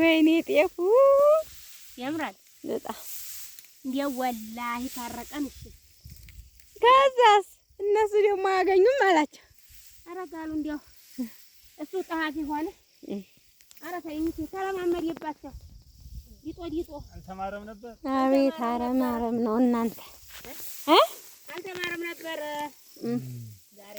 ወይኔ ጤፉ ያምራል በጣም እንዲያው ወላሂ ታረቀን። እሺ ከዛስ እነሱ ደግሞ አያገኙም አላቸው። ኧረ ጋሉ እንዲያው እሱ ጸሐፊ ሆነ። ኧረ ተይኝ ተለማመድባቸው። ይጦ ይጦ አልተማረም ነበር። አቤት አረማረም ነው እናንተ እ አልተማረም ነበር ዛሬ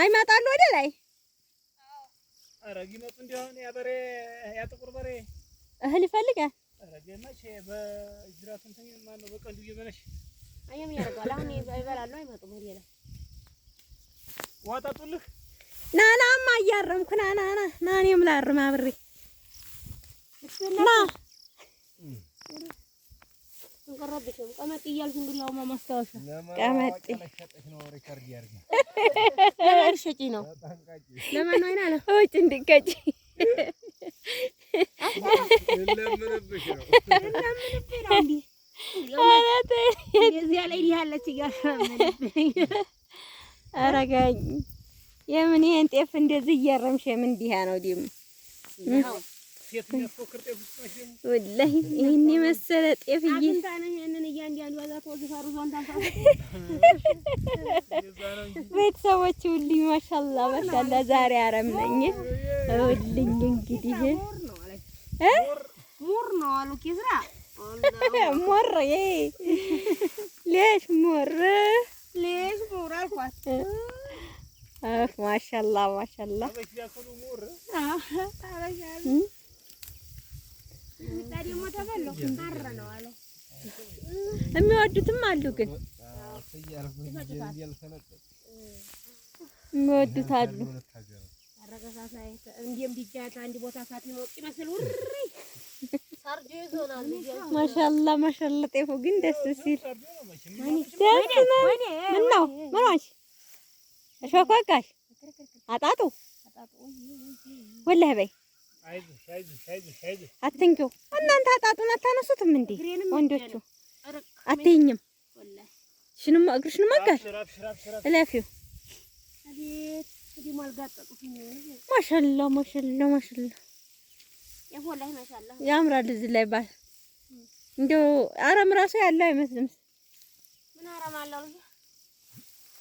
አይመጣሉ ወደ ላይ አረጊመጡ እንደሆነ ያ በሬ ያ ጥቁር በሬ እህል ይፈልጋል። አረጊመች በጅራቱ እንትን ማነው በቀንዱ ይበነሽ አየም አሁን ናኔም ላርም አብሬ ና እንቀረብሽም ቀመጥ እያልሽ እንግዲህ ያው ማስታወሻ ቀመጥ ሸጪ ነው። ለማን ነው አይና ውጭ እንድትቀጪ አረጋኝ። የምን ይሄን ጤፍ እንደዚህ እያረምሽ የምን ዲያ ነው ደግሞ ወላሂ ይህን የመሰለ ጤፍዬ ቤተሰቦች ሁሉኝ ማሻላ ማሻላ። ዛሬ አረም ነኝ እንግዲህ ሙር ነው አሉ ኪስራ ሞር ሌሽ ሞር ሌሽ ሞር አልኳት። ማሻላ ማሻላ የሚወዱትም አሉ ግን የሚወዱት አሉ። ማሻላ ማሻላ ጤፉ ግን ደስ ሲል ደስ ነው። ምን ነው ምን አጣጡ በይ አትንኪው እናንተ አጣጡን አታነሱትም እንዴ ወንዶቹ? አትይኝም። ሽንም እግርሽንም አጋሽ እለፊው። ማሻላ ማሻላ ማሻላ ያምራል። እዚህ ላይ ባል እንደው አረም ራሱ ያለው አይመስልም። ምን አረም አለው?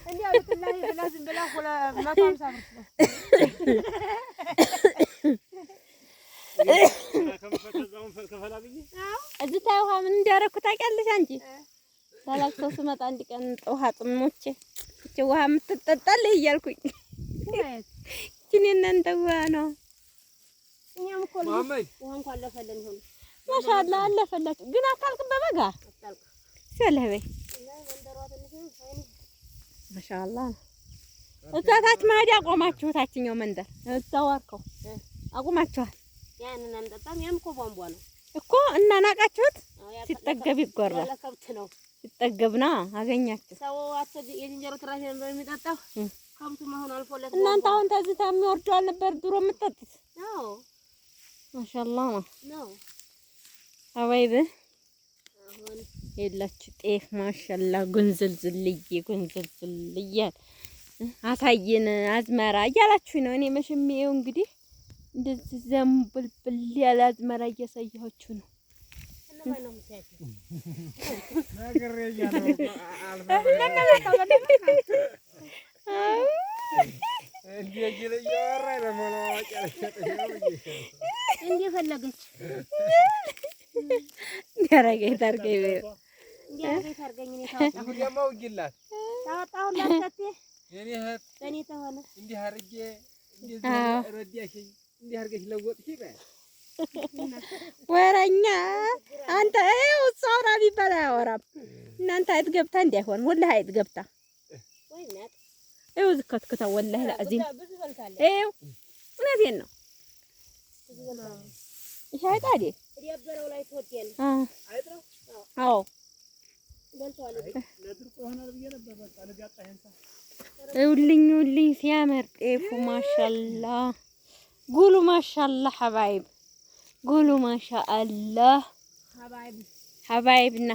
እዚህ ታይ ውሃ ምን እንዳደረኩ ታውቂያለሽ አንቺ? ሳላክቶ ስመጣ አንድ ቀን ውሃ ጥሞቼ እቺ ውሃ የምትጠጣልህ እያልኩኝ ግን የእናንተ ውሃ ነው። ማሻአላ አለፈላችሁ። ግን አታልቅም በበጋ ሲያለህ ማሻአላ ነው። እዛ ታች መሄድ አቆማችሁ። ታችኛው መንደር እዛው አርከው አቁማችኋል። ያንን አንጠጣም። ያም እኮ ቧንቧ ነው እኮ እና ናቃችሁት። ሲጠገብ ይጎራል። ሲጠገብና አገኛችሁ። ሰው አትድ የዝንጀሮ ትራሽ ነበር የሚጠጣው ከብቱ መሆን አልፎለት። እናንተ አሁን ተዚህ የሚወርደዋል ነበር ድሮ የምትጠጡት። አዎ ማሻአላ ነው ነው አባይብ የላችሁ ጤፍ ማሻላ ጉንዝልዝልይ ጉንዝልዝልያል አሳየን አዝመራ እያላችሁ ነው። እኔ መቼም ይኸው እንግዲህ እንደዚህ ዘንብልብል ያለ አዝመራ እያሳየኋችሁ ነው። ፈለገች እንዲያረገኝ ታርገኝ በይው እንዲያረገኝ ታርገኝ ወረኛ አንተ ይኸው እሱ አውራ ቢባል አያወራም። እናንተ አይጥ ገብታ እንዲያይሆን ወላሂ አይጥ ገብታ ይኸው ዝከትክታ ወላሂ ለአዚም ይኸው እውነቴን ነው ይሄ አይጣ አዎ እውልኝ ውልኝ ሲያምር ጤፉ ማሻላ ጉሉ ማሻላ ሀባይብ ጉሉ ማሻአላ ሀባይብና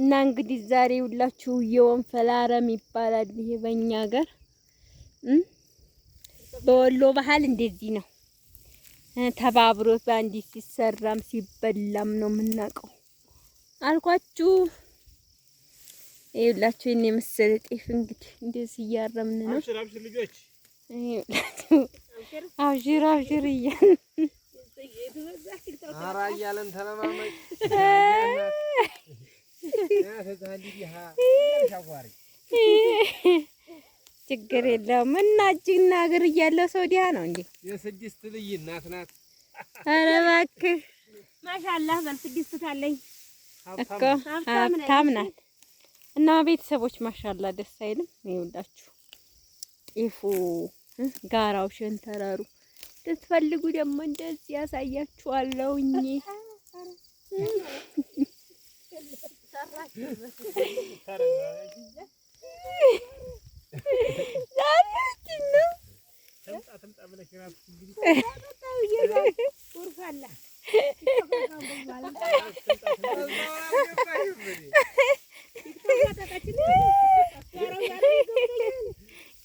እና እንግዲህ ዛሬ ሁላችሁ ይባላል ይሄ በእኛ ሀገር በወሎ ባህል እንደዚህ ነው። ተባብሮ በአንዲት ሲሰራም ሲበላም ነው የምናውቀው። አልኳችሁ ይኸውላችሁ የኔ የመሰለ ጤፍ እንግዲህ እንደዚህ እያረምን ነው። አብሽር አብሽር ልጆች፣ እያልን ተለማመጭ ችግር የለውም እና እጅና እግር እያለው ሰው ዲያ ነው እንዴ? የስድስት ልጅ እናት ናት። ኧረ እባክህ ማሻአላህ በል ስድስት ታለኝ እኮ ሀብታም ናት። እና ቤተሰቦች ማሻአላህ ደስ አይልም? ይኸውላችሁ ጤፉ፣ ጋራው፣ ሸንተረሩ ስትፈልጉ ደግሞ እንደዚህ ያሳያችኋለሁ። እኚ ሰራችሁ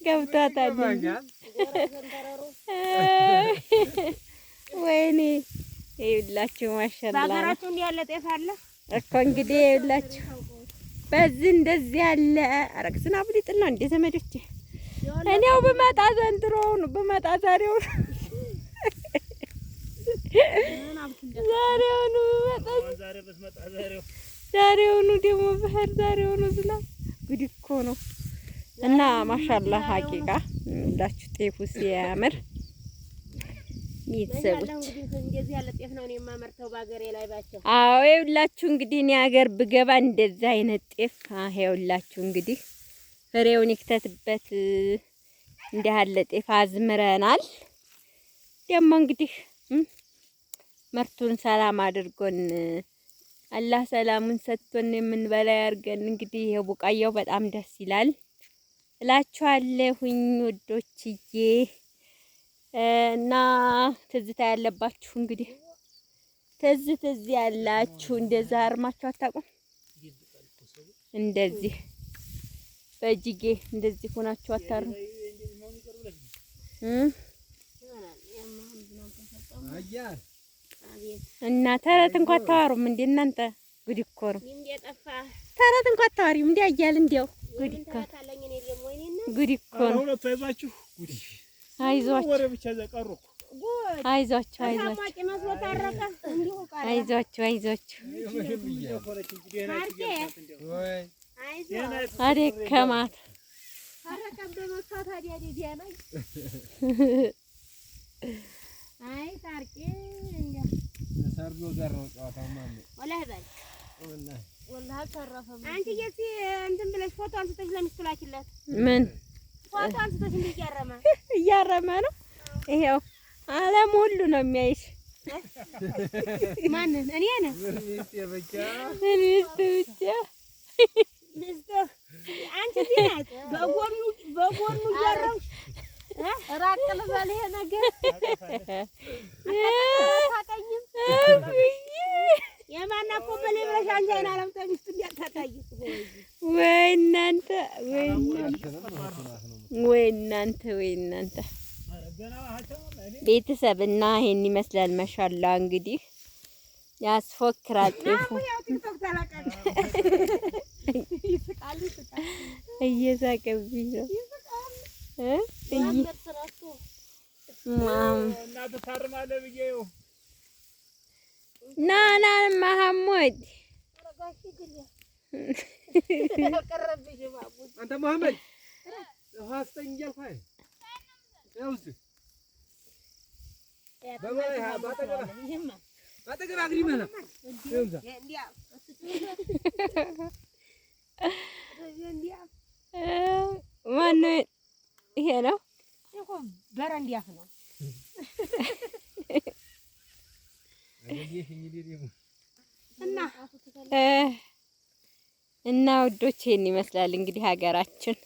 ገብቷታል። ወይኔ ይኸውላችሁ ማሻላ በሀገራችሁ እንዲህ ያለ ጤፍ አለ እኮ እንግዲህ ይኸውላችሁ በዚህ እንደዚህ ያለ አረቅ ዝናቡ ሊጥል ነው እንዴ ዘመዶቼ? እኔው ብመጣ ዘንድሮውን ብመጣ ዛሬውን ዛሬውኑ ብመጣ ዛሬውኑ ደግሞ ባህር ዛሬውኑ ዝናብ ጉድ እኮ ነው። እና ማሻላ ሀቂቃ ሁላችሁ ጤፉ ሲያምር ቤተሰቦች አዎ ይኸውላችሁ እንግዲህ እኔ ሀገር ብገባ እንደዛ አይነት ጤፍ ይኸውላችሁ እንግዲህ ፍሬውን ይክተትበት እንዲህ ያለ ጤፍ አዝምረናል። ደግሞ እንግዲህ ምርቱን ሰላም አድርጎን አላህ ሰላሙን ሰጥቶን የምንበላ ያድርገን። እንግዲህ ይሄ ቡቃያው በጣም ደስ ይላል እላችኋለሁኝ ወዶችዬ። እና ትዝታ ያለባችሁ እንግዲህ ትዝ ትዝ ያላችሁ እንደዛ አርማችሁ አታውቁም? እንደዚህ በእጅጌ እንደዚህ ሆናችሁ አታሩ እና ተረት እንኳን አታዋሩም እንዴ እናንተ! ጉድ እኮ ነው። ተረት እንኳን አታዋሪም እንዴ አያል እንዲያው ጉድ እኮ ነው። ጉድ እኮ ነው። አይዟችሁ አይዟችሁ አይዟችሁ አይዟችሁ አደከማት። ምን እያረመ ነው። ይሄው ዓለም ሁሉ ነው የሚያይሽ። ማንን? እኔ ነኝ። ሚስት ብቻ አንቺ በጎኑ በጎኑ እያረምሽ ራቅ ልበል። ይሄ ነገር ወይ እናንተ ወይ እናንተ ወይ እናንተ ወይ እናንተ ቤተሰብ እና ይሄን ይመስላል። መሻላ እንግዲህ ያስፎክራል። ጤፉ እየሳቀብኝ ነው። ና ና መሐሙድ አንተ መሐመድ ውሃ ስጠኝ እያልኩህ አይደል? ይኸው እዚህ በአጠገብ ነው። ማነው ይሄ ነው? በረንዳፍ እና ውዶች ይሄን ይመስላል እንግዲህ ሀገራችን